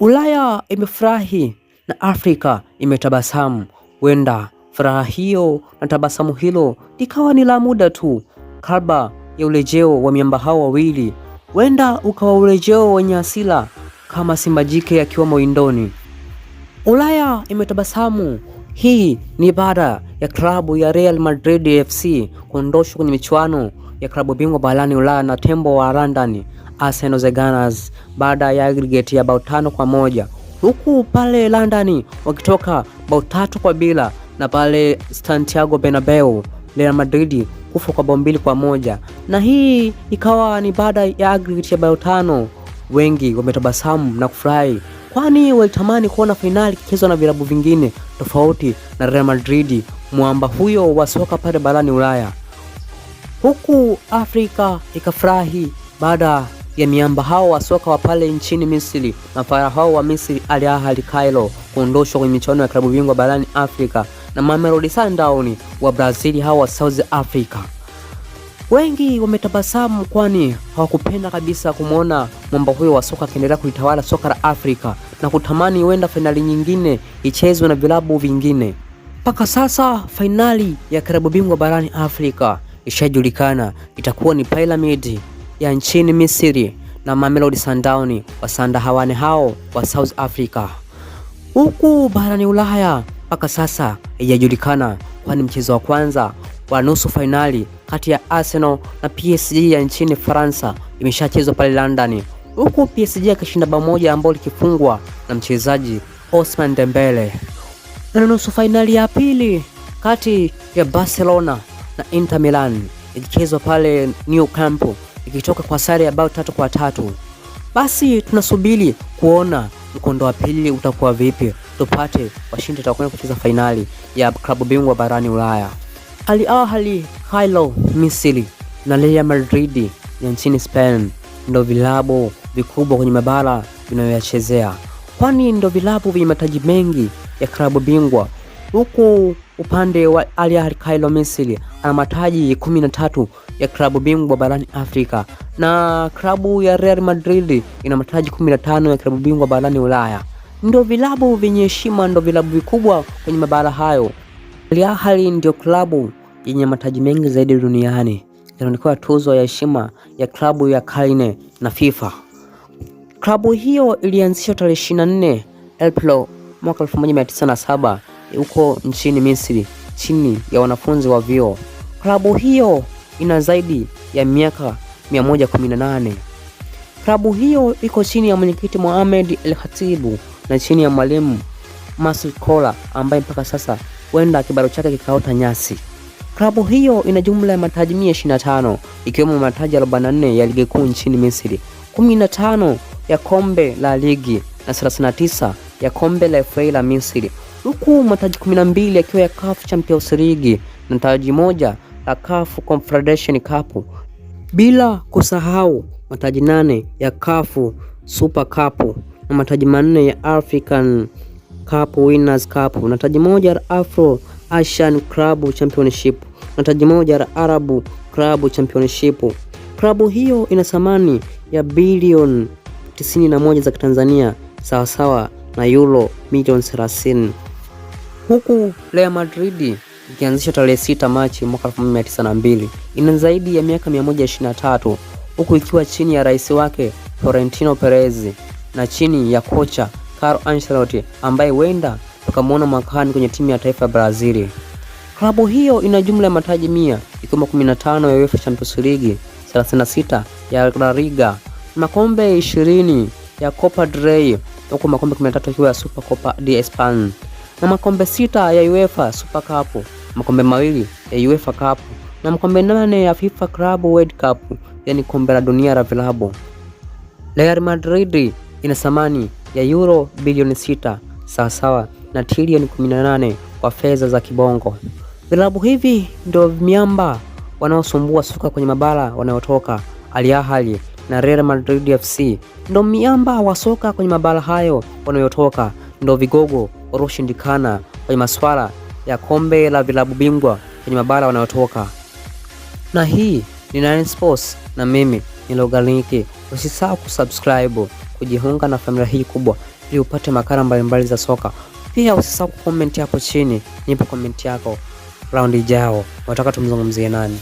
Ulaya imefurahi na Afrika imetabasamu. Huenda furaha hiyo na tabasamu hilo likawa ni la muda tu, kabla ya urejeo wa miamba hao wawili. Huenda ukawa urejeo wenye asila kama simba jike akiwa mawindoni. Ulaya imetabasamu. Hii ni baada ya klabu ya Real Madrid FC kuondoshwa kwenye michuano ya klabu bingwa barani Ulaya na tembo wa London. Arsenal the Gunners baada ya aggregate ya bao tano kwa moja huku pale London wakitoka bao tatu kwa bila na pale Santiago Bernabeu Real Madrid kufa kwa bao mbili kwa moja na hii ikawa ni baada ya aggregate ya bao tano. Wengi wametabasamu na kufurahi, kwani walitamani kuona fainali ikichezwa na vilabu vingine tofauti na Real Madrid, mwamba huyo wa soka pale barani Ulaya, huku Afrika ikafurahi baada ya miamba hao wa soka wa pale nchini Misri, mafara hao wa Misri Al Ahly Cairo kuondoshwa kwenye michuano ya klabu bingwa barani Afrika na Mamelodi Sundowns wa Brazil hao wa South Africa. Wengi wametabasamu kwani hawakupenda kabisa kumwona mwamba huyo wa soka akiendelea kulitawala soka la Afrika na kutamani huenda fainali nyingine ichezwe na vilabu vingine. Mpaka sasa fainali ya klabu bingwa barani Afrika ishajulikana, itakuwa ni Pyramid ya nchini Misri na Mamelodi Sundowns wa hawane hao wa South Africa. Huku barani Ulaya mpaka sasa haijajulikana, kwani mchezo wa kwanza wa nusu fainali kati ya Arsenal na PSG ya nchini Faransa imeshachezwa pale London, huku PSG akishinda bao moja ambao likifungwa na mchezaji Osman Dembele. Na nusu fainali ya pili kati ya Barcelona na Inter Milan ikichezwa pale New Camp ikitoka kwa sare ya bao tatu kwa tatu. Basi tunasubiri kuona mkondo wa pili utakuwa vipi, tupate washindi watakwenda kucheza fainali ya klabu bingwa barani Ulaya. Al Ahly Cairo Misri na Real Madrid ya nchini Spain ndo vilabu vikubwa kwenye mabara vinayoyachezea, kwani ndo vilabu vyenye mataji mengi ya klabu bingwa huku Upande wa Al Ahly Kailo Misri ana mataji 13 ya klabu bingwa barani Afrika na klabu ya Real Madrid ina mataji 15 ya klabu bingwa barani Ulaya. Ndio vilabu vyenye heshima, ndio vilabu vikubwa kwenye mabara hayo. Al Ahly ndio klabu yenye mataji mengi zaidi duniani, inaonekana tuzo ya heshima ya klabu ya karne na FIFA. Klabu hiyo ilianzishwa tarehe 24 April mwaka 1907 huko nchini Misri chini ya wanafunzi wa vyuo. Klabu hiyo ina zaidi ya miaka 118. Klabu hiyo iko chini ya mwenyekiti Mohamed El Khatibu na chini ya mwalimu Masud Kola ambaye mpaka sasa huenda kibaro chake kikaota nyasi. Klabu hiyo ina jumla ya mataji 125 ikiwemo mataji 44 ya ligi kuu nchini Misri, 15 ya kombe la ligi na 39 ya kombe la FA la Misri huku mataji 12 yakiwa ya CAF Champions League na taji moja la CAF Confederation Cup, bila kusahau mataji nane ya CAF Super Cup na mataji manne ya African Cup Winners Cup na taji moja la Afro Asian Club Championship na taji moja la Arab Club Championship. Klabu hiyo ina thamani ya bilioni 91 za Kitanzania sawasawa na euro milioni 30 huku Real Madrid ikianzishwa tarehe 6 Machi mwaka 1992. Ina zaidi ya miaka 123 huku ikiwa chini ya rais wake Florentino Perez na chini ya kocha Carlo Ancelotti ambaye huenda tukamwona mwakani kwenye timu ya taifa ya Brazil. Klabu hiyo ina jumla ya mataji mia ikiwemo 15 ya UEFA Champions League, 36 ya La Liga, makombe 20 ya Copa del Rey, huku makombe 13 ya Super Copa de España na makombe sita ya UEFA Super Cup, makombe mawili ya UEFA Cup na makombe nane ya FIFA Club World Cup, yani kombe la dunia la vilabu. Real Madrid ina thamani ya euro bilioni sita sawasawa na trilioni 18 kwa fedha za kibongo. Vilabu hivi ndio miamba wanaosumbua soka kwenye mabara wanayotoka. Al Ahly na Real Madrid FC ndio miamba wa soka kwenye mabara hayo wanayotoka, ndio vigogo walioshindikana kwenye masuala ya kombe la vilabu bingwa kwenye mabara wanayotoka. Na hii ni Nine Sports na mimi ni Loganiki. Usisahau kusubscribe, kujiunga na familia hii kubwa ili upate makala mbalimbali za soka. Pia usisahau kukomenti hapo chini, nipe komenti yako. Raundi ijao wataka tumzungumzie nani?